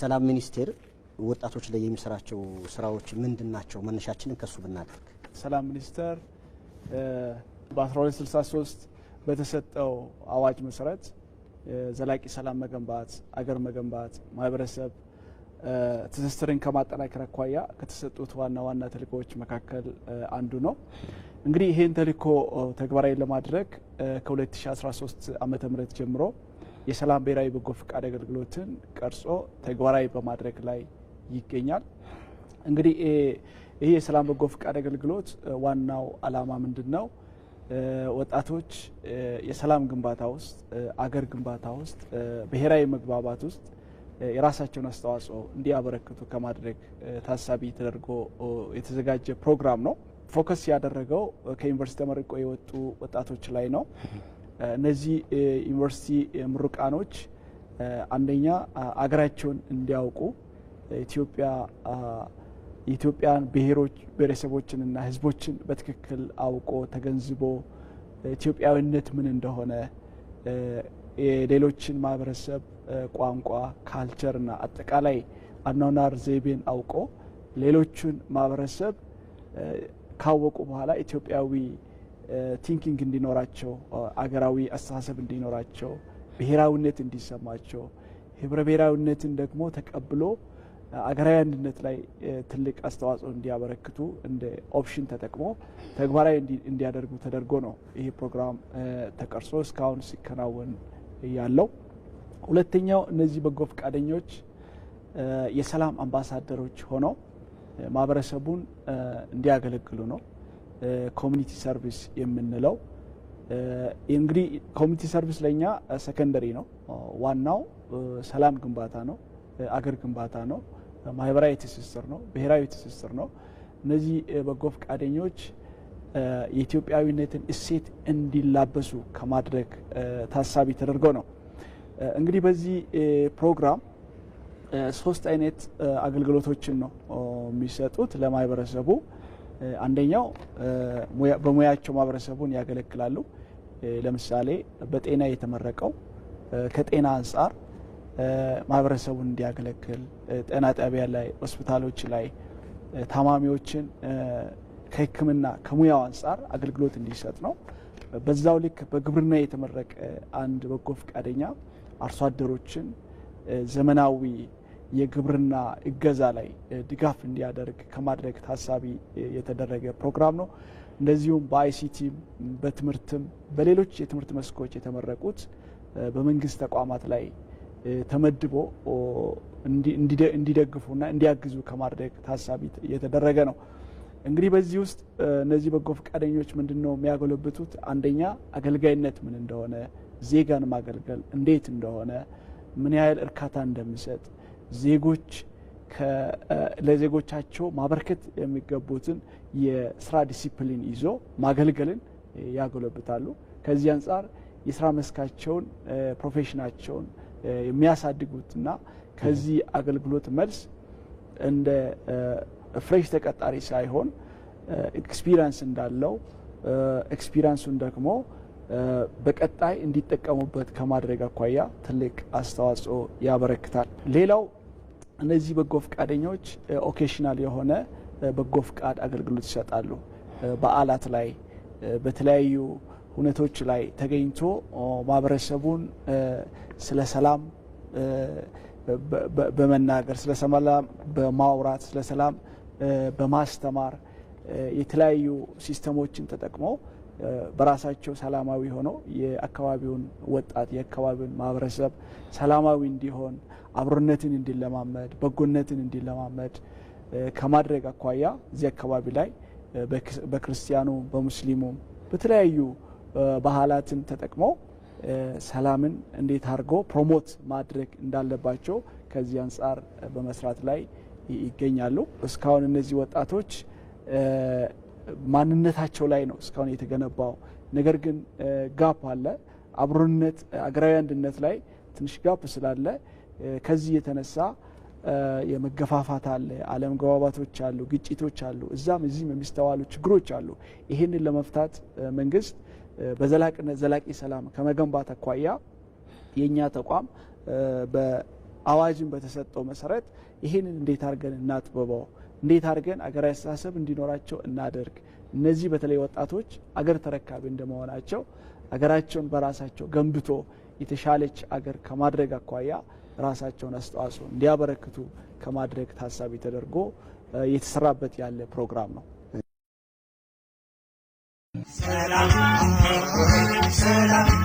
ሰላም ሚኒስቴር ወጣቶች ላይ የሚሰራቸው ስራዎች ምንድን ናቸው? መነሻችንን ከሱ ብናደርግ ሰላም ሚኒስቴር በ1263 በተሰጠው አዋጅ መሰረት ዘላቂ ሰላም መገንባት፣ አገር መገንባት፣ ማህበረሰብ ትስስርን ከማጠናከር አኳያ ከተሰጡት ዋና ዋና ተልእኮዎች መካከል አንዱ ነው። እንግዲህ ይህን ተልእኮ ተግባራዊ ለማድረግ ከ2013 ም ጀምሮ የሰላም ብሔራዊ በጎ ፈቃድ አገልግሎትን ቀርጾ ተግባራዊ በማድረግ ላይ ይገኛል። እንግዲህ ይህ የሰላም በጎ ፈቃድ አገልግሎት ዋናው ዓላማ ምንድን ነው? ወጣቶች የሰላም ግንባታ ውስጥ፣ አገር ግንባታ ውስጥ፣ ብሔራዊ መግባባት ውስጥ የራሳቸውን አስተዋጽኦ እንዲያበረክቱ ከማድረግ ታሳቢ ተደርጎ የተዘጋጀ ፕሮግራም ነው። ፎከስ ያደረገው ከዩኒቨርሲቲ ተመርቆ የወጡ ወጣቶች ላይ ነው። እነዚህ ዩኒቨርሲቲ ምሩቃኖች አንደኛ አገራቸውን እንዲያውቁ ኢትዮጵያ የኢትዮጵያን ብሔሮች ብሔረሰቦችንና ህዝቦችን በትክክል አውቆ ተገንዝቦ ኢትዮጵያዊነት ምን እንደሆነ የሌሎችን ማህበረሰብ ቋንቋ፣ ካልቸርና አጠቃላይ አኗኗር ዘይቤን አውቆ ሌሎቹን ማህበረሰብ ካወቁ በኋላ ኢትዮጵያዊ ቲንኪንግ እንዲኖራቸው፣ አገራዊ አስተሳሰብ እንዲኖራቸው፣ ብሔራዊነት እንዲሰማቸው ህብረ ብሔራዊነትን ደግሞ ተቀብሎ አገራዊ አንድነት ላይ ትልቅ አስተዋጽኦ እንዲያበረክቱ እንደ ኦፕሽን ተጠቅሞ ተግባራዊ እንዲያደርጉ ተደርጎ ነው ይሄ ፕሮግራም ተቀርጾ እስካሁን ሲከናወን ያለው። ሁለተኛው እነዚህ በጎ ፈቃደኞች የሰላም አምባሳደሮች ሆነው ማህበረሰቡን እንዲያገለግሉ ነው። ኮሚኒቲ ሰርቪስ የምንለው እንግዲህ ኮሚኒቲ ሰርቪስ ለእኛ ሰከንደሪ ነው። ዋናው ሰላም ግንባታ ነው፣ አገር ግንባታ ነው፣ ማህበራዊ ትስስር ነው፣ ብሔራዊ ትስስር ነው። እነዚህ በጎ ፈቃደኞች የኢትዮጵያዊነትን እሴት እንዲላበሱ ከማድረግ ታሳቢ ተደርገው ነው። እንግዲህ በዚህ ፕሮግራም ሶስት አይነት አገልግሎቶችን ነው የሚሰጡት ለማህበረሰቡ አንደኛው በሙያቸው ማህበረሰቡን ያገለግላሉ። ለምሳሌ በጤና የተመረቀው ከጤና አንጻር ማህበረሰቡን እንዲያገለግል ጤና ጣቢያ ላይ፣ ሆስፒታሎች ላይ ታማሚዎችን ከሕክምና ከሙያው አንጻር አገልግሎት እንዲሰጥ ነው። በዛው ልክ በግብርና የተመረቀ አንድ በጎ ፈቃደኛ አርሶ አደሮችን ዘመናዊ የግብርና እገዛ ላይ ድጋፍ እንዲያደርግ ከማድረግ ታሳቢ የተደረገ ፕሮግራም ነው። እንደዚሁም በአይሲቲም በትምህርትም በሌሎች የትምህርት መስኮች የተመረቁት በመንግስት ተቋማት ላይ ተመድቦ እንዲደግፉና እንዲያግዙ ከማድረግ ታሳቢ የተደረገ ነው። እንግዲህ በዚህ ውስጥ እነዚህ በጎ ፈቃደኞች ምንድን ነው የሚያጎለብቱት? አንደኛ አገልጋይነት ምን እንደሆነ፣ ዜጋን ማገልገል እንዴት እንደሆነ፣ ምን ያህል እርካታ እንደሚሰጥ ዜጎች ለዜጎቻቸው ማበርከት የሚገቡትን የስራ ዲሲፕሊን ይዞ ማገልገልን ያጎለብታሉ። ከዚህ አንጻር የስራ መስካቸውን ፕሮፌሽናቸውን የሚያሳድጉትና ከዚህ አገልግሎት መልስ እንደ ፍሬሽ ተቀጣሪ ሳይሆን ኤክስፒሪንስ እንዳለው ኤክስፒሪንሱን ደግሞ በቀጣይ እንዲጠቀሙበት ከማድረግ አኳያ ትልቅ አስተዋጽኦ ያበረክታል። ሌላው እነዚህ በጎ ፈቃደኞች ኦኬሽናል የሆነ በጎ ፍቃድ አገልግሎት ይሰጣሉ። በዓላት ላይ በተለያዩ ሁነቶች ላይ ተገኝቶ ማህበረሰቡን ስለ ሰላም በመናገር ስለ ሰላም በማውራት ስለ ሰላም በማስተማር የተለያዩ ሲስተሞችን ተጠቅመው በራሳቸው ሰላማዊ ሆነው የአካባቢውን ወጣት የአካባቢውን ማህበረሰብ ሰላማዊ እንዲሆን አብሮነትን እንዲለማመድ በጎነትን እንዲለማመድ ከማድረግ አኳያ እዚህ አካባቢ ላይ በክርስቲያኑ በሙስሊሙ በተለያዩ ባህላትን ተጠቅመው ሰላምን እንዴት አድርጎ ፕሮሞት ማድረግ እንዳለባቸው ከዚህ አንጻር በመስራት ላይ ይገኛሉ። እስካሁን እነዚህ ወጣቶች ማንነታቸው ላይ ነው እስካሁን የተገነባው። ነገር ግን ጋፕ አለ። አብሮነት፣ አገራዊ አንድነት ላይ ትንሽ ጋፕ ስላለ ከዚህ የተነሳ የመገፋፋት አለ፣ አለመግባባቶች አሉ፣ ግጭቶች አሉ፣ እዛም እዚህም የሚስተዋሉ ችግሮች አሉ። ይህንን ለመፍታት መንግስት በዘላቂነት ዘላቂ ሰላም ከመገንባት አኳያ የእኛ ተቋም በአዋጅን በተሰጠው መሰረት ይህንን እንዴት አድርገን እናጥበበው እንዴት አድርገን አገራዊ አስተሳሰብ እንዲኖራቸው እናደርግ። እነዚህ በተለይ ወጣቶች አገር ተረካቢ እንደመሆናቸው አገራቸውን በራሳቸው ገንብቶ የተሻለች አገር ከማድረግ አኳያ ራሳቸውን አስተዋጽኦ እንዲያበረክቱ ከማድረግ ታሳቢ ተደርጎ የተሰራበት ያለ ፕሮግራም ነው። ሰላም